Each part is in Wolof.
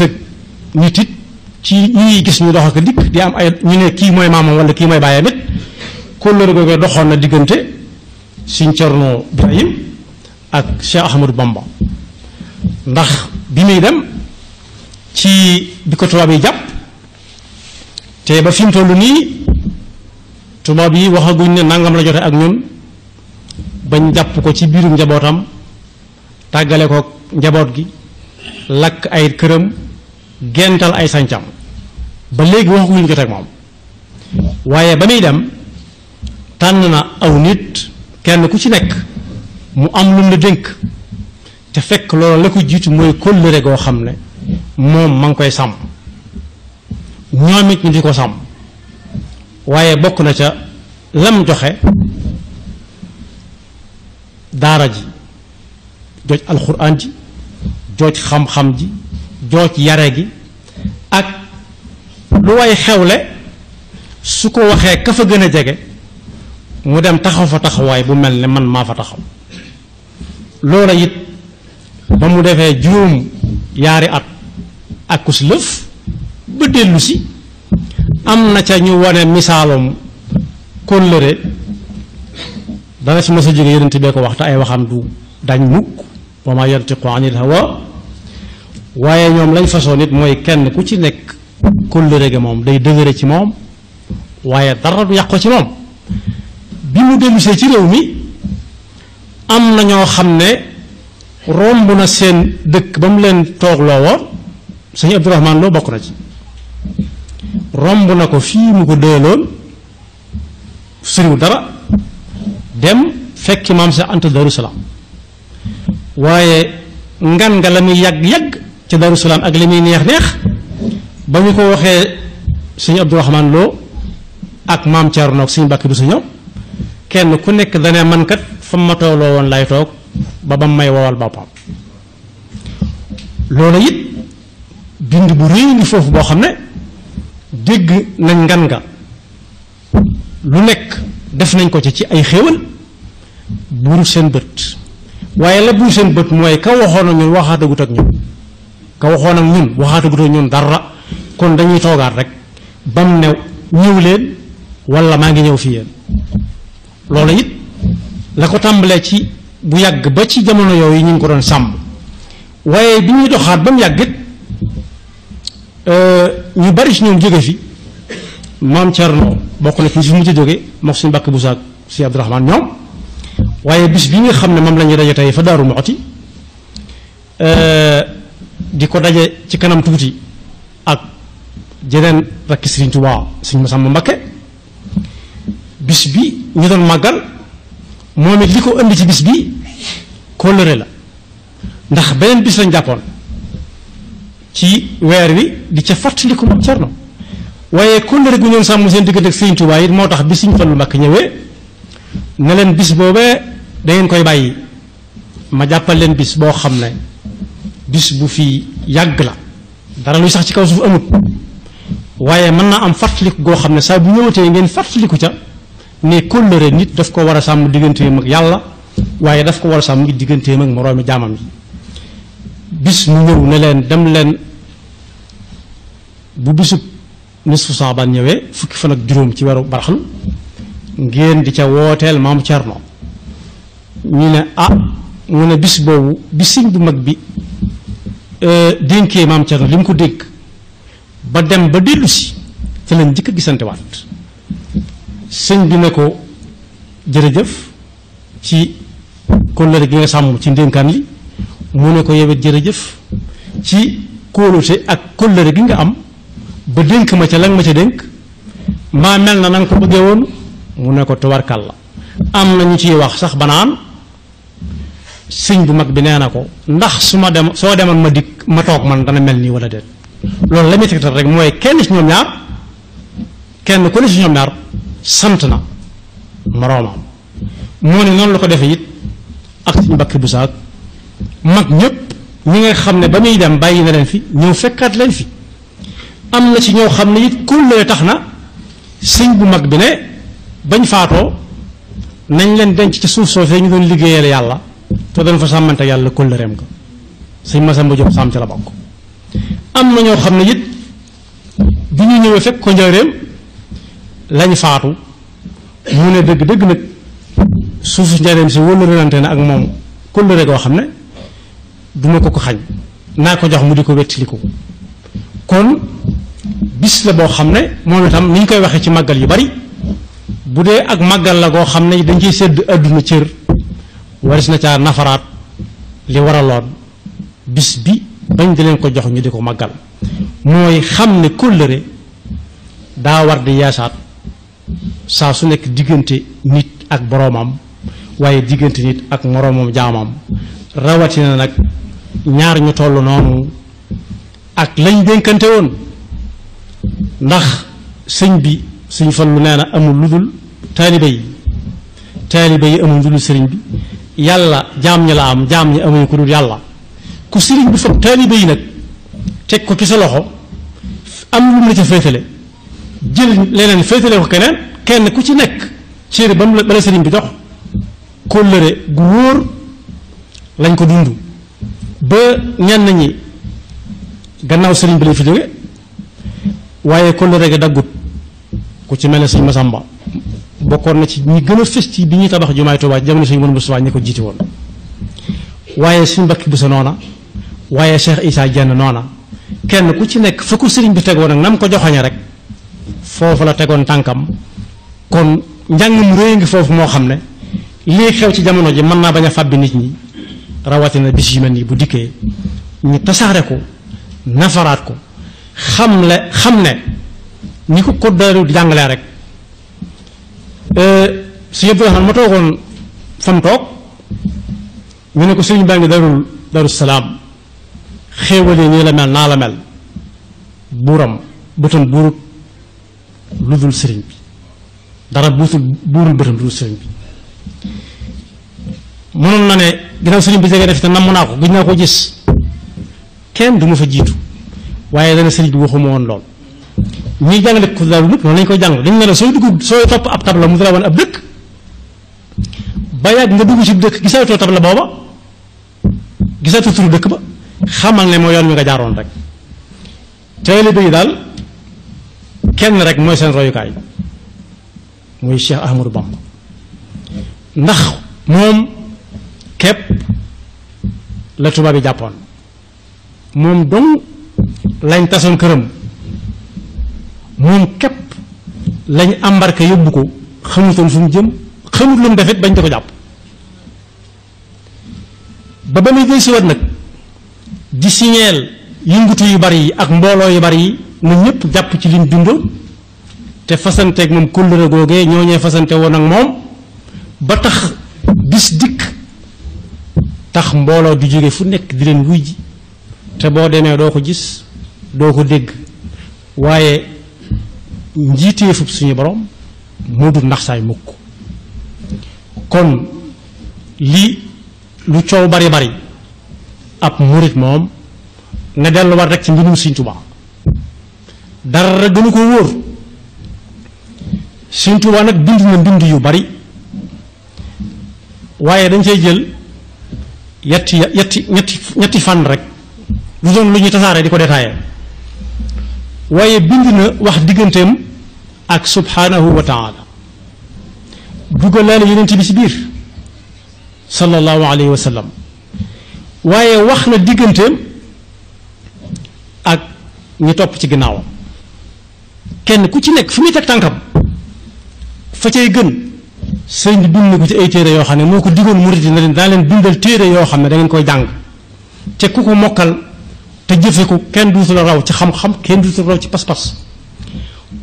nit ak nit it ci ñi ñuy gis ñu dox ak dikk di am ay ñu ne kii mooy maamam wala kii mooy bàyyam it kóllëre googu doxoon na diggante Sëriñ Cerno Birahim ak Cheikh Ahmadou Bamba ndax bi muy dem ci bi ko tubaab yi jàpp te ba fi mu toll nii tubaab yi waxaguñ ne nangam la jote ak ñun bañ jàpp ko ci biirum njabootam tàggale ko njaboot gi lakk ay këram gental ay sancam ba léegi waxuñu jot ak moom waaye ba muy dem tànn na aw nit kenn ku ci nekk mu am lu mu la dénk te fekk loolu la ko jiitu mooy kóllëre goo xam ne moom ma ngi koy sàmm ñoom it ñu di ko sàmm waaye bokk na ca lam joxe daara ji joj alxuraan ji jooj xam-xam ji jooj yare gi ak lu way xewle su ko waxee ka fa gën a jege mu dem taxaw fa taxawaay bu mel ni man maa fa taxaw loola it ba mu defee juróom yaari at ak kus lëf ba dellu si am na ca ñu wane misaalum kóllëre dana ci ma a jóge yonent bee ko wax te ay waxam du dañ mukk wa ma yantiqu anil hawa waaye ñoom lañ façon nit mooy kenn ku ci nekk kóllëre ga moom day dëgëre ci moom waaye dara du yàq ci moom bi mu dellusee ci réew mi am na ñoo xam ne romb na seen dëkk ba mu leen toog loo woon sëñ Abdourahmaan loo bokk na ci romb na ko fii mu ko dëloon sëriw dara dem fekki maam sa Anta Daaru Salaam waaye ngan nga la muy yàgg-yàgg ci Daaru Salaam ak li muy neex-neex ba ñu ko waxee suñu Abdou Rahman ak maam Thierno ak suñu bàkk bi su ñëw kenn ku nekk dana mankat kat fa ma tooloo woon lay toog ba ba may wowal boppam loolu it bind bu réy ngi foofu boo xam ne dégg nañ ngan nga lu nekk def nañ ko ci ci ay xéewal buuru seen bët waaye la buy seen bët mooy ka waxoon ak ñun waxaatagut ak ñun ka waxoon ak ñun waxaatagut ak ñun dara kon dañuy toogaat rek bam ne ñëw leen walla maa ngi ñëw fi yéen loolu it la ko tàmbalee ci bu yàgg ba ci jamono yow yi ñu ngi ko doon sàmm waaye bi ñuy doxaat ba mu yàgg it euh, ñu bari si ñoom jóge fi maam Thierno bokk na ci ñi fi mujj jóge moom suñu mbàkk bu saak si Abdourahmane ñoom. waaye bis bi nga xam ne moom la ñuy daje tey fa Daaru Muxti euh, di ko daje ci kanam tuuti ak jeneen rakki Sëriñ Tuubaa mu Masamba Mbakke bis bi ñu doon màggal moom it li ko indi ci bis bi kóllëre la ndax beneen bis lañ jàppoon ci weer wi di ca fàttaliku mag Cerno waaye kóllëre gu ñoon sàmm seen diggante ak Sëriñ Tuubaa it moo tax bi Sëriñ Fallu Mbakke ñëwee ne leen bis boobee dangeen koy bàyyi ma jàppal leen bis boo xam ne bis bu fi yàgg la dara luy sax ci kaw suuf amut waaye mën naa am fàttaliku goo xam ne saa bu ñëwatee ngeen fàttaliku ca ne kóllëre nit daf ko war a sàmm digganteem ak yàlla waaye daf ko war a sàmm ngi digganteem ak moroomi jaamam yi bis mu ñëw ne leen dem leen bu bisub nisfu saabaan ñëwee fukki fan ak juróom ci weeru baraxlu ngeen di ca wooteel maam Cerno ñu ne ah mu ne bis boobu bi sëñ bu mag bi euh, dénkee maam Cerno li mu ko dénk ba dem ba dellu si leen njëkk a gisante waat sëñ bi ne ko jërëjëf ci kóllëre gi nga sàmm ci ndénkaan li mu ne ko yewet jërëjëf ci kóolute ak kóllëre gi nga am ba dénk ma ca lan ma ca dénk maa mel na na ko bëggee woon mu ne ko tubarkàlla am na ñu ciy wax sax banaan sëñ bu mag bi nee na ko ndax su ma dem soo demoon ma dikk ma toog man dana mel nii wala déet loolu la muy tegtal rek mooy kenn ci ñoom kenn ku ne ci ñoom ñaar sant na moroomam moo ne noonu la ko defee it ak suñu mbakki bu saag mag ñëpp ñi nga xam ne ba muy dem bàyyi na leen fi ñëw fekkaat leen fi am na si ñoo xam ne it kullale tax na sëñ bu mag bi ne bañ faatoo nañ leen denc ci suuf soo soofee ñu doon liggéeyal yàlla te doon fa sàmmante yàlla kóllëreem ko sëñ Masamba jox sàmm ci la bokk am na ñoo xam ne it bi ñu ñëwee fekk ko njëreem lañu faatu mu ne dëgg dëgg nag suuf njëreem si wëllërante na ak moom kóllëre goo xam ne duma ko ko xañ naa ko jox mu di ko wettiliku kon bis la boo xam ne moom itam ni ñu koy waxee ci màggal yu bari bu dee ak màggal la goo xam ne dañ koy sedd àdduna cër waris na caa nafaraat li waraloon bis bi bañ di leen ko jox ñu di ko màggal mooy xam ne kóllëre daawar war di yaasaat saa su nekk diggante nit ak boroomam waaye diggante nit ak moroomam jaamam rawatina nag ñaar ñu toll noonu ak lañ dénkante woon ndax sëñ bi sëñ fan lu nee na amul ludul taaliba yi taaliba yi amul ludul sëriñ bi yàlla jaam ñi la am jaam ñi amuñu ko yàlla ku sëriñ bi fab taalibe yi nag teg ko ci sa loxo am lu mu la ca féetale jël leneen féetale ko keneen kenn ku ci nekk cére ba mu la bala sëriñ bi jox kóllëre gu wóor lañ ko dund ba ñenn ñi gannaaw sëriñ bi lañ fi jóge waaye kóllëre ga daggut ku ci mel ne sëñ Masamba bokkoon na ci ñi gën a ci bi ñuy tabax jumaay Tuubaa ci jamono suñu mën Mustafaa ñi ko jiiti woon waaye suñu mbakki bu sa noona waaye Cheikh Issa Dieng noona kenn ku ci nekk fa ko sëriñ bi tegoon ak na ko joxoñe rek foofu la tegoon tànkam kon njàngum réy ngi foofu moo xam ne lii xew ci jamono ji mën naa bañ a fàbbi nit ñi rawatina bis yu mel nii bu dikkee ñu tasaare ko nafaraat ko xam le xam ne ñu ko ko doon jàngalee rek Euh, si yëpp xam ma toogoon fa toog ñu ne ko sëriñ baa ngi darul daru salaam xéewalee nii la mel naa la mel buuram bëtam buurut lu dul sëriñ bi dara buutul buurul bëtam lu dul sëriñ bi mënoon na ne ginnaaw sëriñ bi jege def te namm naa ko gis naa ko gis kenn du fa jiitu waaye dana sëriñ bi waxuma woon lool ñiy jàngale ku daal nag noonu lañ koy jàng dañ ne la sooy dugg sooy topp ab tabla mu dara woon ab dëkk ba yàgg nga dugg ci dëkk gisaatoo tabla booba gisaatoo turu dëkk ba xamal ne moo yoon wi nga jaaroon rek taalibe yi daal kenn rek mooy seen royukaay muy Cheikh Ahmadou Bamba ndax moom képp la tubaab yi jàppoon moom dong lañ tasoon këram moom képp lañ embarqué yóbbu ko xamutoon fu mu jëm xamut lu mu defet bañ di ko jàpp ba ba muy si wat nag di signeel yëngutu yu bari yi ak mbooloo yu bari yi na ñëpp jàpp ci lim dundoon te fasanteeg moom kóllëre googee ñoo ñee fasante woon ak moom ba tax bis dikk tax mbooloo di jóge fu nekk di leen wuy ji te boo demee doo ko gis doo ko dégg waaye njiitee fub suñu borom moo du ndax saay mukk kon lii lu coow bari bari ab murit moom na delluwaat rek ci mbindum Sëñ Tuubaa dara gënu ko wóor Sëñ Tuubaa nag bind na mbind yu bari waaye dañ cay jël yetti yetti ñetti ñetti fan rek lu doon lu ñuy tasaare di ko détaillé waaye bind na wax digganteem ak subhanahu wa taala dugalaale yonent bi si biir sallallahu alayhi wa sallam waaye wax na digganteem ak ñu topp ci ginnaawam kenn ku ci nekk fu muy teg tànkam fa cay gën sëñ bi bind na ko ci ay téere yoo xam ne moo ko mu murid na leen daa leen bindal téere yoo xam ne da koy jàng te ku ko mokkal te jëfe ko kenn duutu la raw ci xam-xam kenn duutu la raw ci pas-pas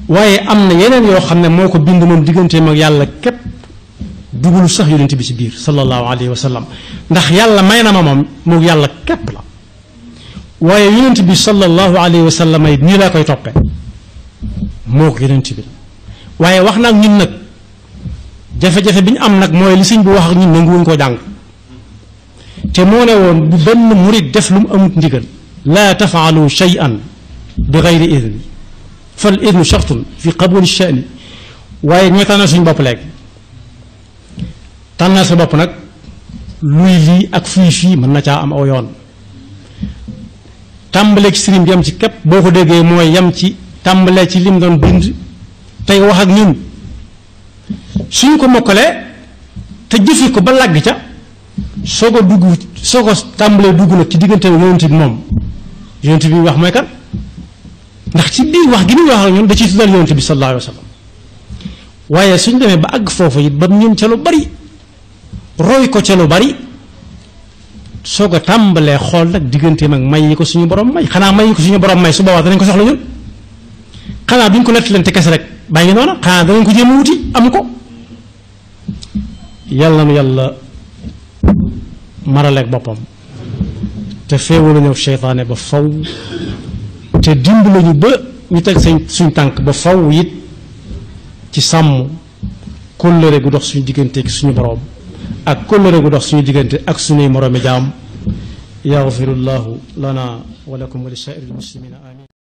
waaye am na yeneen yoo xam ne moo ko bind moom digganteem ak yàlla képp dugalu sax yonent bi ci biir sallallahu alayhi wa sallam ndax yàlla may na ma moom moog yàlla képp la waaye yonent bi sallallahu alayhi wa sallam ay nii laa koy toppee moog yonent bi la waaye wax na ak ñun nag jafe-jafe bi ñu am nag mooy li sëñ bi wax ak ñun nanguwuñ koo jàng te moo ne woon bu benn murit def lu mu amut ndigal. laa tafaalu shay'an bi gayri idni fal idnu shartun fi qabuli sha'ni waaye ñoo tànnal suñu bopp léegi tànnal sa bopp nag luy lii ak fuy fii mën na caa am aw yoon tàmbalee ci sëriñ bi yam ci képp boo ko déggee mooy yam ci tàmbalee ci lim doon bind tey wax ak ñun suñ ko mokkalee te jëfi ko ba làgg ca soo ko dugg soo ko tàmbalee dugg nag ci diggante yonent bi moom yonent bi wax mooy kan ndax ci biir wax gi muy wax ak ñoom da ciy tuddal yonent bi sallallahu alayhi wa sallam waaye suñ demee ba àgg foofu it ba ñun ca lu bari roy ko ca lu bari soo ko tàmbalee xool nag digganteem ak may yi ko suñu borom may xanaa may yi ko suñu borom may su boobaa danañ ko soxla ñun xanaa duñ ko nettalante kese rek bàyyi noona xanaa danañ ko jéem a wuti am ko yàlla na yàlla maraleeg boppam. te feewa la ñëw seytaane ba faw te dimbali ñu ba ñu teg sañ suñ tànk ba faw it ci sàmm kóllëre gu dox suñu diggante ak suñu boroom ak kóllëre gu dox suñu diggante ak suñuy moroomi jaam yaxfirullahu lana wa lakum wa li saa'iril muslimina